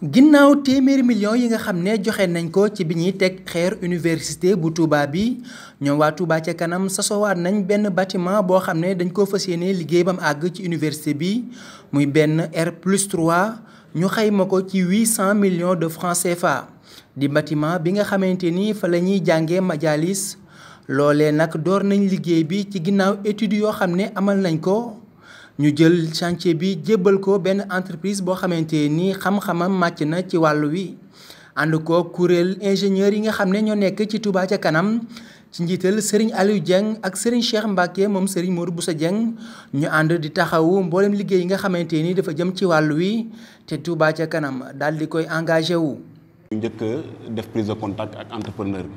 ginnaaw téeméeri millions yi nga xam ne joxe nañ ko ci bi ñuy teg xeer université bu Touba bi ñoom waa Touba ca kanam sasowaat nañ benn batiment boo xam ne dañ ko fas yéene liggéey ba mu àgg ci université bi muy benn R plus 3 ñu xayma ko ci 800 millions de francs CFA di batiment bi nga xamante ni fa la ñuy jàngee majalis loole nag door nañu liggéey bi ci ginnaaw études yoo xam ne amal nañ ko ñu jël chantier bi jébbal ko benn entreprise boo xamante ni xam-xamam màcc na ci wàllu wi ànd ko kuréel ingénieur yi nga xam ne ñoo nekk ci Touba ca kanam ci njiital Serigne Aliou Dieng ak Serigne Cheikh Mbacke moom Serigne Modou sa Dieng ñu ànd di taxawu mboolem liggéey yi nga xamante ni dafa jëm ci wàllu wi te Touba ca kanam daal di koy engagé wu. ñu njëkk def prise de contact ak entrepreneur bi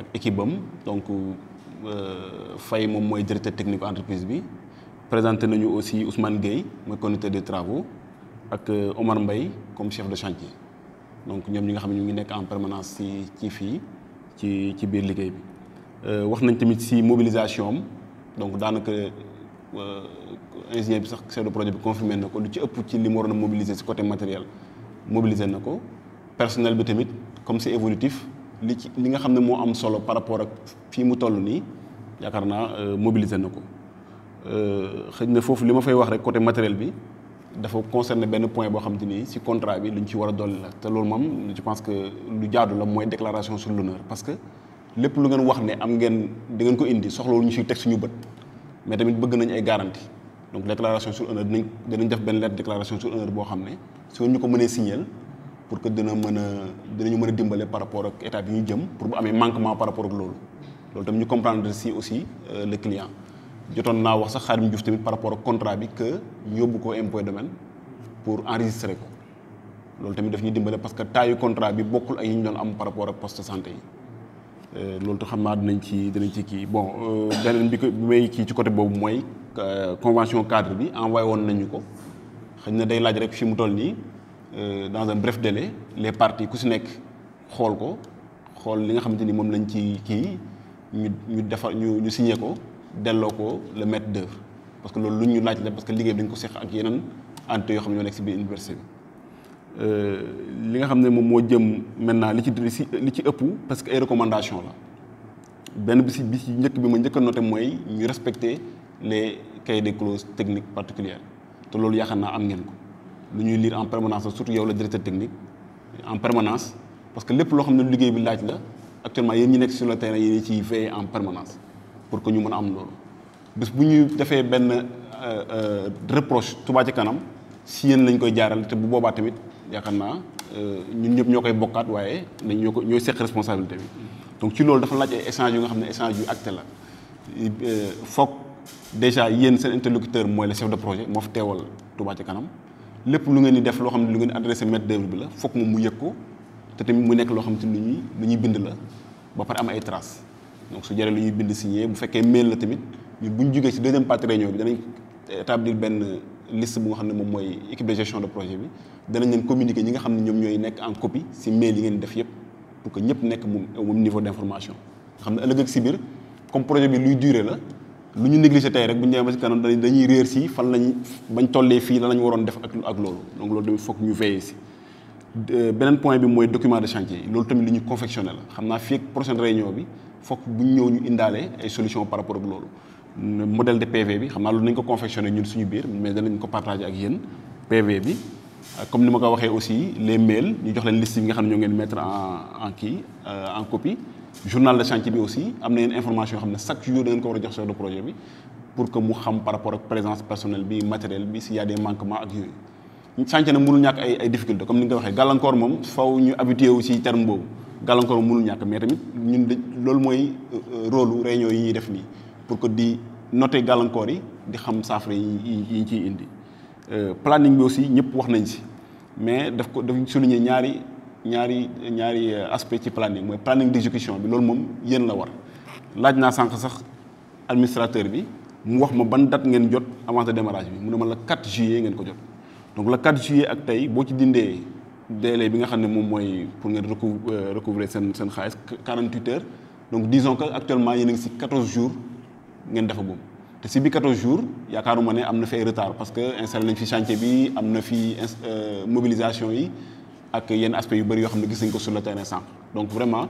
ak équipe am donc euh, fay moom mooy directeur technique entreprise bi. présenté nañu aussi Ousmane Gueye mooy conducteur des travaux ak euh, Omar mbay comme chef de chantier donc ñoom ñi nga xam ne ñu ngi nekk en permanence ci fii ci ci biir liggéey bi euh, wax nañ tamit si mobilisation am donc daanaka euh, ingénieur bi sax chef projet bi confirmé na ko lu ci ëpp ci li mu waroon mobiliser si côté matériel mobiliser na ko personnel bi tamit comme c'est évolutif li ci li nga xam ne moo am solo par rapport ak fii mu toll nii yaakaar naa mobiliser na ko Euh, xëy na foofu li ma fay wax rek côté matériel bi dafa concerné benn point boo xam ni si contrat bi lu ñu ci war a dolli la te loolu moom je pense que lu jaadu la mooy déclaration sur l'honneur parce que lépp lu ngeen wax ne am ngeen di ngeen ko indi soxlawul ñu siy teg suñu bët mais tamit bëgg nañ ay garantie donc déclaration sur honneur dinañ def benn lettre déclaration sur honneur boo xam ne su ñu ko mënee signaler pour que dina mën a dinañu mën a dimbale par rapport ak état bi jëm pour bu amee manquement par rapport ak loolu loolu tam ñu comprendre si aussi euh, le client jotoon naa wax sax Khadim Diouf tamit par rapport a contrat bi que ñu yóbbu ko impôt domaine pour enregistrer ko loolu tamit def ñu dimbale parce que taayu contrat bi bokkul ak ñu doon am par rapport ak poste santé euh, loolu tax xam naa ci dinañ ci kii bon euh, beneen bi ko bi may kii ci côté boobu mooy euh, convention cadre bi envoyé woon nañu ko xëy na day laaj rek fi mu toll nii dans un bref délai les partie ku si nekk xool ko xool li nga xamante ni moom lañ ci kii ñu ñu defar ñu ñu signé ko. delloo ko le maître d'œuvre parce que loolu lu ñu laaj la parce que liggéey bi dañ ko seq ak yeneen ante yoo xam ne ñoo nekk si biir université bi euh, li nga xam ne moom moo jëm maintenant li ci li ci ëpp parce que ay recommandation la benn bi si bi si njëkk bi ma njëkk a noté mooy ñu respecter les cahiers des clauses techniques particulières te loolu yaakaar naa am ngeen ko lu ñuy lire en permanence surtout yow la directeur technique en permanence parce que lépp loo xam ne liggéey bi laaj la actuellement yéen ñi nekk sur le terrain yéen ci en permanence pour que ñu mën a am loolu bis bu ñu defee benn euh, euh, reproche Touba ci kanam si yéen lañ koy jaaral te bu boobaa tamit yaakaar naa euh, ñun ñëpp ñoo koy bokkaat waaye dañ ñoo ko ñooy seq responsabilité bi donc ci loolu dafa laaj ay échange yu nga xam ne échange yu acté la foog déjà yéen seen interlocuteur mooy le chef de projet moo fi teewal Touba ci kanam lépp lu ngeen di def loo xam ne lu ngeen di adressé maître d'œuvre bi la foog moom mu yëg ko te tamit mu nekk loo xam ne lu ñuy lu ñuy bind la ba pare am ay traces donc su jëree lu ñu bind signé bu fekkee mail la tamit ñun bu ñu jugee ci deuxième partie réunion bi danañ établir benn liste bu nga xam ne moom mooy équipe de gestion de projet bi danañ leen communiquer ñi nga xam ne ñoom ñooy nekk en copie ci mail yi ngeen def yëpp pour que ñëpp nekk moom au même niveau d'information. xam ne ëllëg ak si biir comme projet bi luy durer la lu ñu négliger tey rek bu ñu demee ba kanam dañuy réer ci fan lañ bañ tollee fii lan lañ waroon def ak ak loolu donc loolu tamit foog ñu veiller ci. Euh, beneen point bi mooy document de chantier loolu tamit ñu confectionné la xam naa fii bi. foog bu ñu ñëw ñu indaale ay solution par rapport ak loolu. modèle de PV bi xam naa loolu nañ ko confectionné ñun suñu biir mais danañ ko partagé ak yéen PV bi euh, ko waxee aussi les ñu jox leen liste yi nga xam ne ñoo ngeen mettre en en kii euh, en copie. journal de chantier bi aussi am na yenn information yoo xam ne chaque jour da ngeen ko war a jox chef de projet bi pour que mu xam par rapport ak présence personnelle bi matériel bi s'il y a des ak yooyu. chantier na ñàkk ay ay comme ni nga ko terme boobu. gàllankoor mënul ñàkk mais tamit ñun de loolu mooy euh, euh, rôle réunion yi ñuy def nii pour que di noter gàllankoor yi di xam saafara yi yi ciy indi euh, planning bi aussi ñëpp wax nañ si mais daf ko daf souligner ñaari ñaari ñaari aspect ci planning mooy planning d'exécution bi loolu moom yéen la war laaj naa sànq sax administrateur bi mu wax ma ban dat ngeen jot avant de bi mu ne ma la 4 juillet ngeen ko jot donc la 4 juillet ak tey boo ci dindee. délai bi nga xam ne moom mooy pour ngeen recou euh, recouvrer seen seen xaalis 48 heures donc disons que actuellement yéen a ngi si 14 jours ngeen defagum te si bi 14 jours yaakaaruma ne am na fi ay retard parce que installé nañ fi chantier bi am na fi euh, mobilisation yi ak yenn aspects yu bëri yoo xam ne gis nañ ko sur le terrain sànq donc vraiment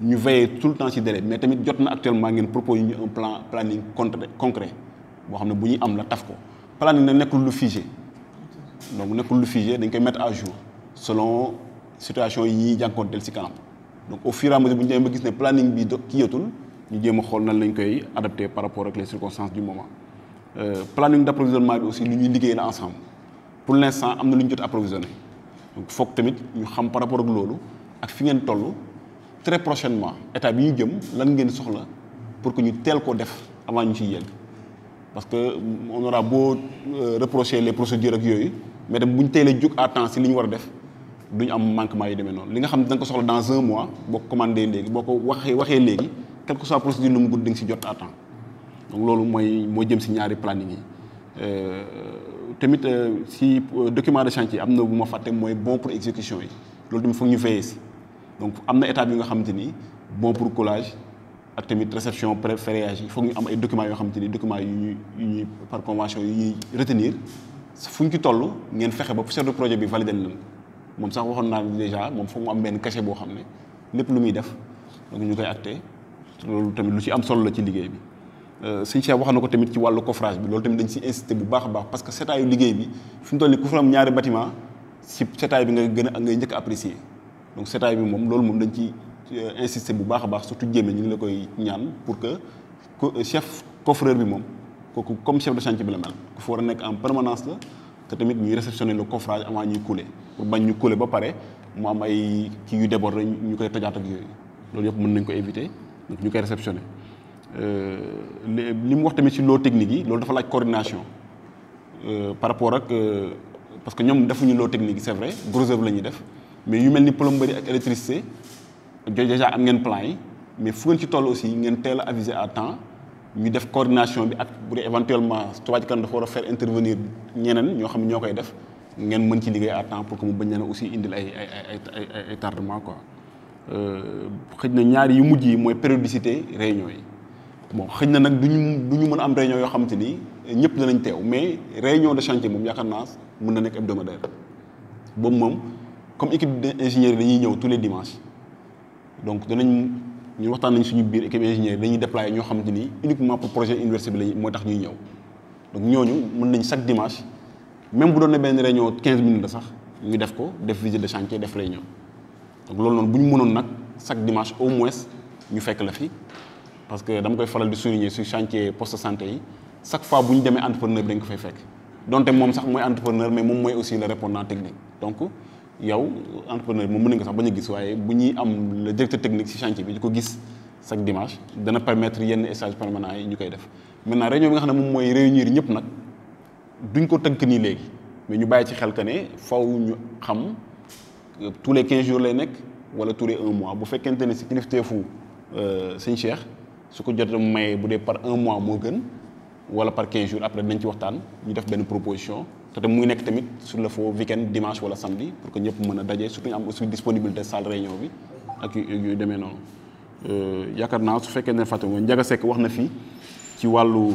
ñu veiller tout le temps si délai mais tamit jot na actuellement ngeen proposé ñu un plan planning concret concret boo xam ne bu ñuy am la taf ko planning na nekkul lu figé donc nekkul lu figé dañ koy mettre à jour. selon situation yi ñuy jànkoonteel si kanam donc au fur bu ñu demee ba gis ne planning bi kii yatul ñu jéem a xool nan lañ koy adapté par rapport ak les circonstances du moment euh, planning d' approvisionnement bi aussi lu ñuy liggéey la ensemble pour l' instant am na lu ñu jot approvisionné donc foog tamit ñu xam par rapport ak loolu ak fi ngeen toll très prochainement état bi ñu jëm lan ngeen soxla pour que ñu teel koo def avant ñu ciy yegg parce que on aura beau euh, reprocher les procédures ak yooyu mais tam bu ñu teelee à temps si li ñu war a def. du ñu am manquement yi demee noonu li nga xam ne da nga ko soxla dans un mois boo ko commandé léegi boo ko waxee waxee léegi quel que soit procédure lu mu gudd di nga si jot à temps donc loolu mooy moo jëm si ñaari planning yi euh, tamit euh, si euh, document de chantier am na bu ma fàtte mooy bon pour yi loolu tamit foog ñu veiller si donc am na étape yu nga xamante ni bon pour collage ak tamit réception pré-ferrage yi foog ñu am ay documents yoo xamante ni documents yu ñuy yu ñuy par convention yi ñuy retenir fu ñu ci toll ngeen fexe ba chef de projet bi validé leen moom sax waxoon naa déjà moom foog mu am benn cachet boo xam ne lépp lu muy def donc ñu koy acté loolu tamit lu ci am solo la ci liggéey bi euh, sëñ Cheikh wax na ko tamit ci wàllu coffrage bi loolu tamit dañ si insisté bu baax a baax parce que setaayu liggéey bi fi mu toll nii ku fa am ñaari bâtiment si setaay bi nga gën a ngay njëkk apprécier donc setaay bi moom loolu moom dañ ci euh, insister bu baax a baax surtout jéeme ñu ngi la koy ñaan pour que chef coffreur bi moom kooku comme chef de bi la mel ku a nekk en permanence la te tamit ñuy réceptionner le coffrage avant ñuy couler pour bañ ñu couler ba pare mu am ay kii yu déborde ñu koy tojaat ak yooyu loolu yëpp mën nañ ko éviter ñu koy réceptionner euh, li mu wax tamit ci loo technique yi loolu dafa laaj coordination euh, par rapport ak euh, parce que ñoom defuñu loo technique c'est vrai gros œuvre la ñuy def mais yu mel ni plomberie ak électricité déjà am ngeen plan yi mais fu ngeen ci toll aussi ngeen teel a aviser à temps ñu def coordination bi ak bu dee éventuellement Touba Ca Kanam dafa war a faire intervenir ñeneen ñoo xam ne ñoo koy def ngeen mën ci liggéey à temps pour que mu bañ leen aussi indil ay ay ay ay tardement quoi euh, xëj na ñaari yu mujj yi mooy périodicité réunion yi moom xëj na nag duñu du ñu mën a am réunion yoo xamante ni ñëpp danañ teew mais réunion de chantier moom yaakaar naa mun na nekk hebdomadaire boobu moom comme équipe d'ingénieurs dañuy ñëw tous les dimanches ñu waxtaan nañ suñu biir équipe ingénieur dañuy déployer ñoo xamante ni uniquement pour projet université bi lañ moo tax ñooñu mën nañ chaque dimanche bu doon benn réunion 15 minutes la sax ñu def ko def visite de chantier def réunion donc loolu noonu bu ñu mënoon nag chaque dimanche au moins ñu fekk la fi parce que dama koy faral di souligner su chantier poste santé yi chaque fois bu ñu demee entrepreneur bi dañ ko fay fekk donte moom sax mooy entrepreneur mais moom mooy aussi le répondant technique donc yow entrepreneur moom mën nga sax bañ a gis waaye bu ñuy am le directeur technique ci chantier bi di ko gis chaque dimanche dana permettre yenn stage permanent yi ñu koy def maintenant réunion bi nga xam ne moom mooy réunir ñëpp nag duñ ko tënk nii léegi mais ñu bàyyi ci xel que ne faw ñu xam euh, tous les quinze jours lay nekk wala tous les un mois bu fekkente ne si kilifteefu euh, sëñ Cheikh su ko jot a maye bu dee par un mois moo gën wala par quinze jours après dinañ ci waxtaan ñu def benn proposition te tam mu ngi nekk tamit sur le faux weekend dimanche wala samedi pour ko ñëpp mën a daje surtout ñu am aussi disponibilité salle bi ak yu demee noonu euh, yaakaar naa su fekkee ne fàtte nga Ndiaga Seck wax na fii ci wàllu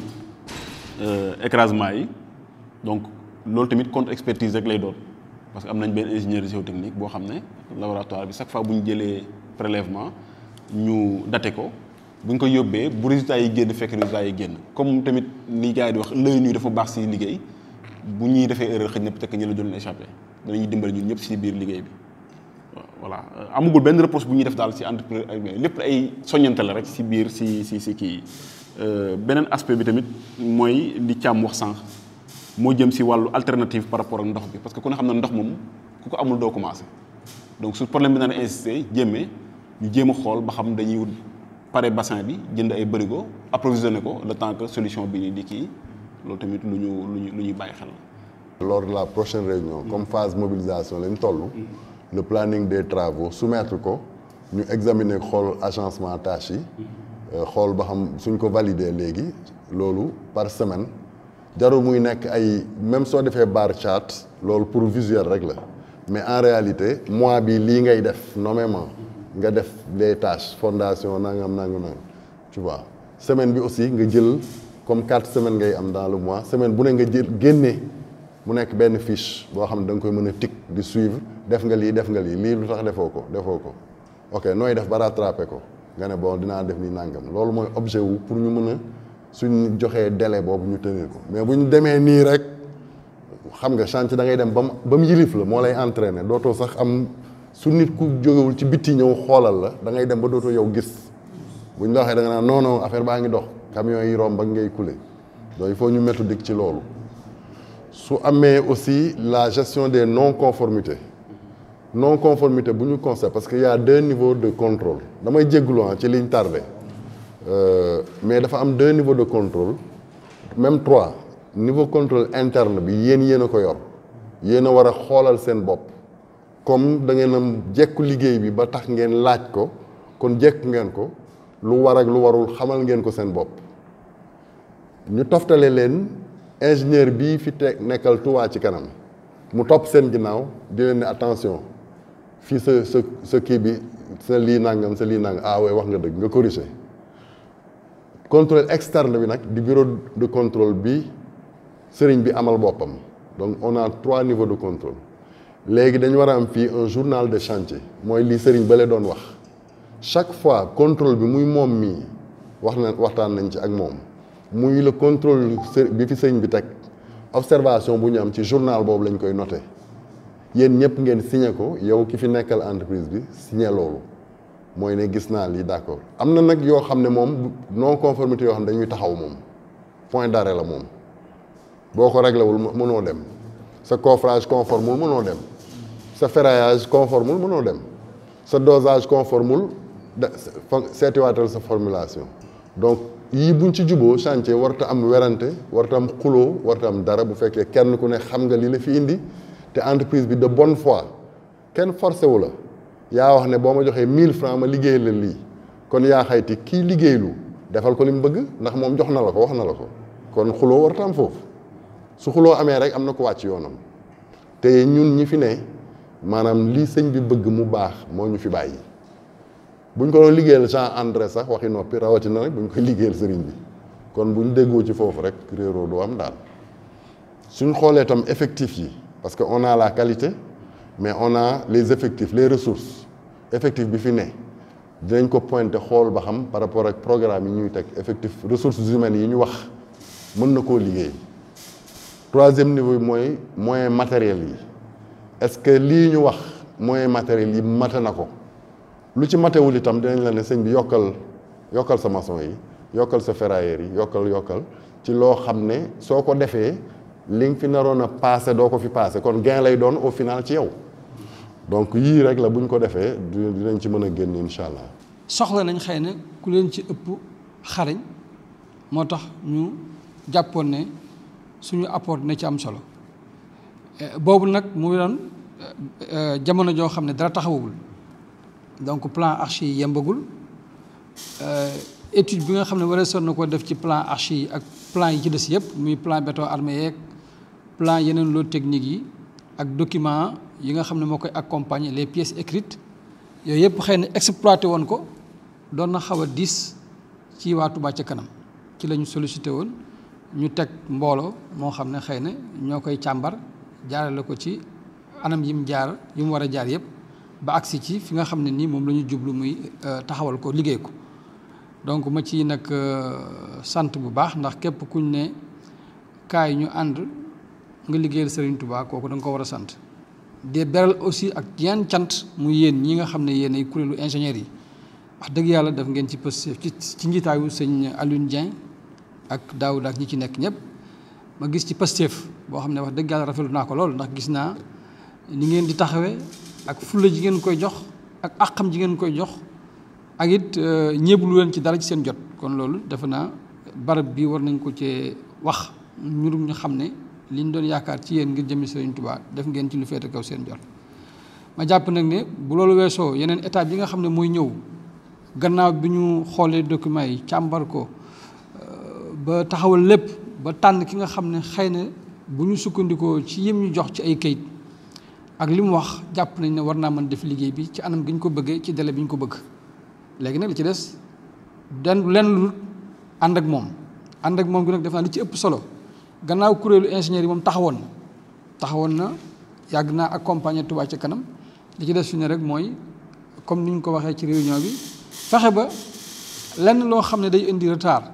euh, écrasement yi donc loolu tamit contre expertise rek lay doon parce que am nañ benn ingénieur géotechnique boo xam ne laboratoire bi chaque fois bu ñu jëlee prélèvement ñu date ko bu ñu ko yóbbee bu résultat yi génn fekk résultat yi génn comme tamit ni gars yi di wax lëy nuy dafa baax si liggéey bu ñuy defee erreur xëy na peut ñu la doon échappé danañu dimbali ñun ñëpp si biir liggéey bi voilà euh, amugul benn reproche bu ñuy def daal si entrepreneur lépp ay soññante rek si biir si si si kii euh, beneen aspect bi tamit mooy li càmm wax sànq moo jëm si wàllu alternative par rapport ak ndox bi parce que ku ne xam na ndox moom ku ko amul doo commencé donc su problème bi naan insisté jéemee ñu jéem a xool ba xam dañuy wut pare bassin bi jënd ay bërigo approvisionné ko le temps que solution bi di kii. loolu tamit lu ñu lu ñu lu ñuy bàyyi xel la. lors de la prochaine réunion. Mm. comme phase mobilisation lañ toll. Mm. le planning des travaux soumettre ko ñu examiner xool agencement tâches mm. euh, xool ba xam suñ ko valider léegi loolu par semaine jarul muy nekk ay même soo defee bar chart loolu pour visuel rek la mais en réalité mois bi lii ngay def nommément nga def les tâches fondation nangam nangam nangam semaine bi aussi nga jël. comme quatre semaine ngay am dans le mois semaine bu ne nga jël génnee mu nekk benn fiche boo xam ne danga koy mën a tig di suivre def nga lii def nga lii lii lu tax defoo ko defoo ko ok nooy def ba rattrapé ko nga ne boo dinaa def nii nàngam loolu mooy objet wu pour ñu mën a suñ joxee délai boobu ñu tenir ko mais bu ñu demee nii rek xam nga chantier da ngay dem ba mu ba mu yilif la moo lay entraîner dootoo sax am su nit ku jógewul ci bitti ñëw xoolal la da ngay dem ba dootoo yow gis bu ñu la waxee da nga affaire baa ngi dox. camion yi romb ak ngay couler donc il faut ñu méthodique ci loolu su amee aussi la gestion des non conformités non conformité bu ñu conseil parce que y a deux niveaux de contrôle damay jégglu ah ci liñ tardé euh, mais dafa am deux niveaux de contrôle même trois niveau contrôle interne bi yéen yéen a ko yor yéen a war a xoolal seen bopp comme da ngeen am jekku liggéey bi ba tax ngeen laaj ko kon jekku ngeen ko lu war ak lu warul xamal ngeen ko seen bopp ñu toftale leen ingénieur bii fi te nekkal Touba ci kanam mu topp seen ginnaaw di attention fii sa sa sa kii bi sa lii nangam sa lii nangam ah wax nga dëgg nga corrigé contrôle externe bi nag di bureau de contrôle bi sëriñ bi amal boppam donc on a trois niveaux de contrôle léegi dañu war a am fii un journal de chantier mooy lii sëriñ ba la doon wax chaque fois contrôle bi muy moom mii wax na waxtaan nañ ci ak moom. muy le contrôle bi fi sëñ bi teg observation bu ñu am ci journal boobu lañ koy note yéen ñëpp ngeen signé ko yow ki fi nekkal entreprise bi signé loolu mooy ne gis naa lii d'accord am na nag yoo xam ne moom non conformité yoo xam ne dañuy taxaw moom point d'arrêt la moom boo ko réglé wul mënoo dem sa coffrage conformul mënoo dem sa ferraillage conformul mënoo dem sa dosage conformul da seetiwaatal sa formulation yii buñ ci juboo chantier warta am werante warta am xuloo warta am dara bu fekkee kenn ku ne xam nga li la fi indi te entreprise bi de bonne fois kenn forcé wu la yaa wax ne boo ma joxee mille francs ma liggéey la lii kon yaa xayti kii liggéeylu defal ko li mu bëgg ndax moom jox na la ko wax na la ko kon xuloo warta am foofu su xuloo amee rek am na ko wàcc yoonam te ñun ñi fi ne maanaam lii sëñ bi bëgg mu baax moo ñu fi bàyyi. bu buñ ko doon liggéeyal Jean André sax waxi noppi rawatina nag buñ koy liggéeyal sëriñ bi kon buñ déggoo ci foofu rek réeroo du am daal suñ xoolee tam effectif yi parce que on a la qualité mais on a les effectifs les ressources effectif bi fi ne dinañ ko pointé xool ba xam par rapport ak programme yi ñuy teg effectif ressources humaines yi ñu wax mën na koo liggéey troisième niveau yi mooy moyen matériel yi est-ce que lii ñu wax moyen matériel yi mata na ko lu ci matewul itam dinañ la ne sëñ bi yokkal yokkal sa maçon yi yokkal sa ferrailleur yi yokkal yokkal ci loo xam ne soo ko defee li nga fi naroon a passé doo ko fi passé kon gain lay doon au final ci yow donc yii rek la buñ ko defee dinañ ci mën a génn incha allah. soxla nañ xëy na ku leen ci ëpp xarañ moo tax ñu jàppoon ne suñu apport na ci am solo eh, boobu nag mu doon eh, eh, jamono joo xam ne dara taxawagul. donc plan archi yi yembagul euh, étude bi nga xam ne war soon na ko def ci plan archi yi ak plan yi ci des yëpp muy plan béton armé yeeg plan yeneen loolu technique yi ak document yi nga xam ne moo koy accompagner les pièces écrites yooyu yëpp xëy na exploité woon ko doon na xaw a diis ci waa Touba kanam ci la ñu sollicité woon ñu teg mbooloo moo xam ne xëy na ñoo koy càmbar jaarale ko ci anam yi mu jaar yi mu war a jaar yëpp ba agsi ci fi nga xam ne nii moom la ñu jublu muy euh, taxawal ko liggéey ko donc ma ci nag euh, sant bu baax ndax képp kuñ ne kaay ñu ànd nga liggéeyal Serigne Touba kooku danga ko war a sant de beral aussi ak yenn cant mu yéen ñi nga xam ne yéen ay kuréelu ingénieurs yi wax dëgg yàlla def ngeen ci pës ci njiitaayu sëñ Alioune Dieng ak Daouda ak ñi ci nekk ñëpp ma gis ci Pastef boo xam ne wax dëgg yàlla rafetlu naa ko lool ndax gis naa ni ngeen di taxawee ak fulla ji ngeen koy jox ak àqam ji ngeen koy jox ak it euh, lu leen ci dara ci seen jot kon loolu defe naa barab bi war nañ ko cee wax ñurum ñu xam ne liñ doon yaakaar ci yéen ngir jëmi Sëriñ Tuubaa def ngeen ci lu féete kaw seen jot ma jàpp nag ne bu loolu weesoo yeneen étape yi nga xam ne mooy ñëw gannaaw bi ñu xoolee documents yi càmbar ko euh, ba taxawal lépp ba tànn ki nga xam ne xëy na bu ñu sukkandikoo ci yëm ñu jox ci ay kayit ak li mu wax jàpp nañ ne war naa man def liggéey bi ci anam gi ñu ko bëggee ci délai bi ñu ko bëgg léegi nag li ci des den lenn lu ànd ak moom ànd ak moom gi nag def naa li ci ëpp solo gannaaw kuréelu ingénieur yi moom taxawoon taxawoon na yàgg naa ak accompagner Touba ci kanam li ci des fi ne rek mooy comme ni ñu ko waxee ci réunion bi fexe ba lenn loo xam ne day indi retard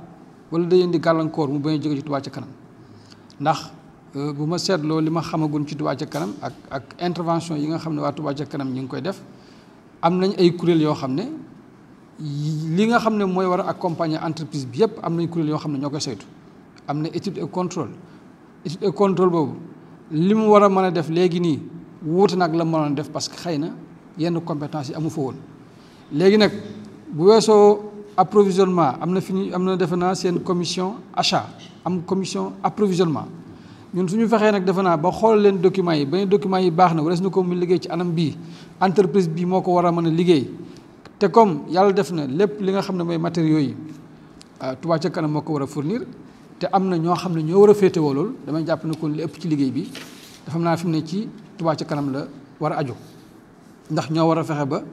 wala day indi gàllankoor mu bañ a jóge ci Touba ci kanam ndax Euh, bu ma seetloo li ma xamaguñ ci Touba ca kanam ak ak intervention yi nga xam ne waa Touba ca kanam ñu ngi koy def am nañ ay kuréel yoo xam ne li nga xam ne mooy war a accompagner entreprise bi yëpp am nañ kuréel yoo xam ne ñoo koy saytu am na étude et contrôle étude et contrôle boobu li mu war a mën a def léegi nii wuute nag la mënoon def parce que xëy na yenn compétence yi amu fa woon léegi nag bu weesoo approvisionnement am na fi ñu am na defe naa seen commission achat am commission approvisionnement ñun suñu fexee nag defe naa ba xool leen documents yi ba ne documents yi baax na wares na ko mu liggéey ci anam bi entreprise bi moo ko war a mën a liggéey te comme yàlla def na lépp li nga xam ne mooy matériaux yi ah, Touba ca kanam moo ko war a fournir te am na ñoo xam ne ñoo war a féetewoo loolu damay jàpp ne kon li ëpp ci liggéey bi dafa xam naa fi mu ne ci Touba ca kanam la war a aju ndax ñoo war a fexe ba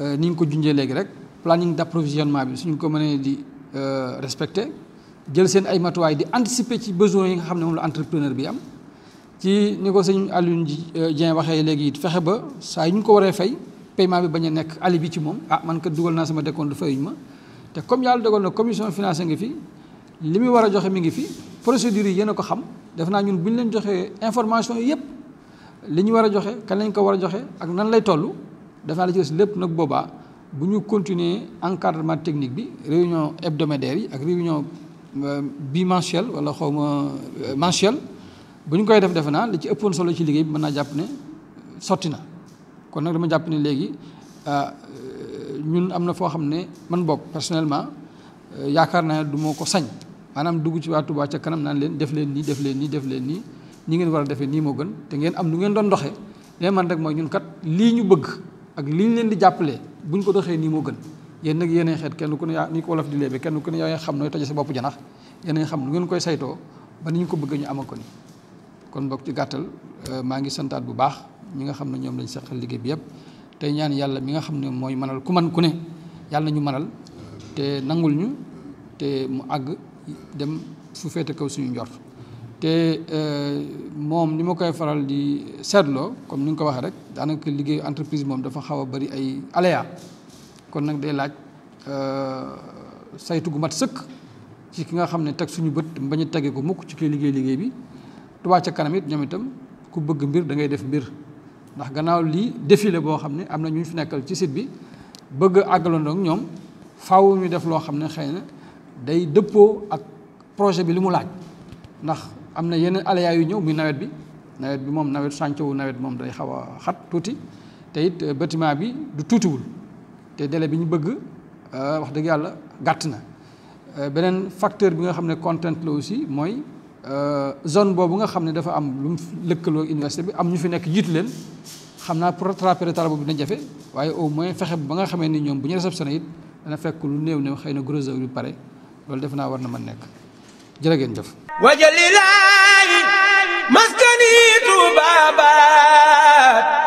euh, ni ñu ko junjee léegi rek planning d'approvisionnement bi suñu ko mënee di euh, respecté jël seen ay matuwaay di anticiper ci besoin yi nga xam ne moom la entrepreneur bi am ci ni ko sëñ Alioune euh, Dieng waxee léegi it fexe ba saa yi ñu ko waree fay paiement bi bañ a nekk ali ci moom ah man kat dugal naa sama dekkoon décompte ñu ma te comme yàlla dogal na commission finance ngi fi li muy war a joxe mi ngi fi procédures yi yéen a ko xam def naa ñun bu ñu leen joxee yi yëpp li ñu war a joxe kan lañ ko war a joxe ak nan lay toll def naa la lépp nag boobaa bu ñu continuer encadrement technique bi réunion hebdomadaire yi ak réunion. Euh, bimensuel wala xaw euh, ma mensuel bu ñu koy def defe naa la ci ëppoon solo ci liggéey bi mën naa jàpp ne sotti na kon nag dama jàpp ne léegi euh, ñun am na foo xam ne man bokk personnellement yaakaar naa du ma ko sañ maanaam dugg ci waa Touba ca kanam naan leen def leen nii def leen nii def leen nii ñi ngeen war a defee nii moo gën te ngeen am nu ngeen doon doxee leen man rek mooy ñun kat lii ñu bëgg ak lii ñu leen di jàppale bu ñu ko doxee nii moo gën yéen nag yéenay xeet kenn ku ne yaa ni ko wolof di léebe kenn ku ne yaa xam nooy toje sa bopp janax yéenay xam mu ngeen koy saytoo ba ni ñu ko bëgg ñu ama ko ni kon bokk ci gàttal euh, maa ngi santaat bu baax ñi nga xam ne ñoom lañ seqal liggéey yëpp tey ñaan yàlla mi nga xam ne mooy manal ku man ku ne yàlla ñu manal te nangul ñu te mu àgg dem fu féete kaw suñu njort te euh, moom ni ma koy faral di seetloo comme ni nga ko waxee rek daanaka liggéey entreprise moom dafa xaw a bari ay aléa kon nag day laaj euh, saytu gu mat sëkk ci ki nga xam ne teg suñu bët bañ a ko mukk ci koy liggéey liggéey bi Touba ca kanam it ñoom itam ku bëgg mbir dangay def mbir ndax gannaaw lii défilé boo xam ne am na ñu fi nekkal ci site bi bëgg àggalandoo ñoom faaw ñu def loo xam ne xëy na day dëppoo ak projet bi li mu laaj ndax am na yeneen alaya yu ñëw muy nawet bi nawet bi moom nawet sàncowu nawet moom day xaw a xat tuuti te it euh, bâtiment bi du tuutiwul te délai bi ñu bëgg euh, wax dëgg yàlla gàtt na euh, beneen facteur bi nga xam ne contrainte la aussi mooy euh, zone boobu nga xam ne dafa am lu mu lëkkaloo université bi am ñu fi nekk jiitu leen xam naa rattraper retard bi dina jafe waaye au moins fexe ba nga xamee ni ñoom bu ñu réceptionné it dana fekk lu néew néew xëy na gros œuvre pare loolu def naa war na mën nekk jërë ngeen jëf wajalilaayi baabaat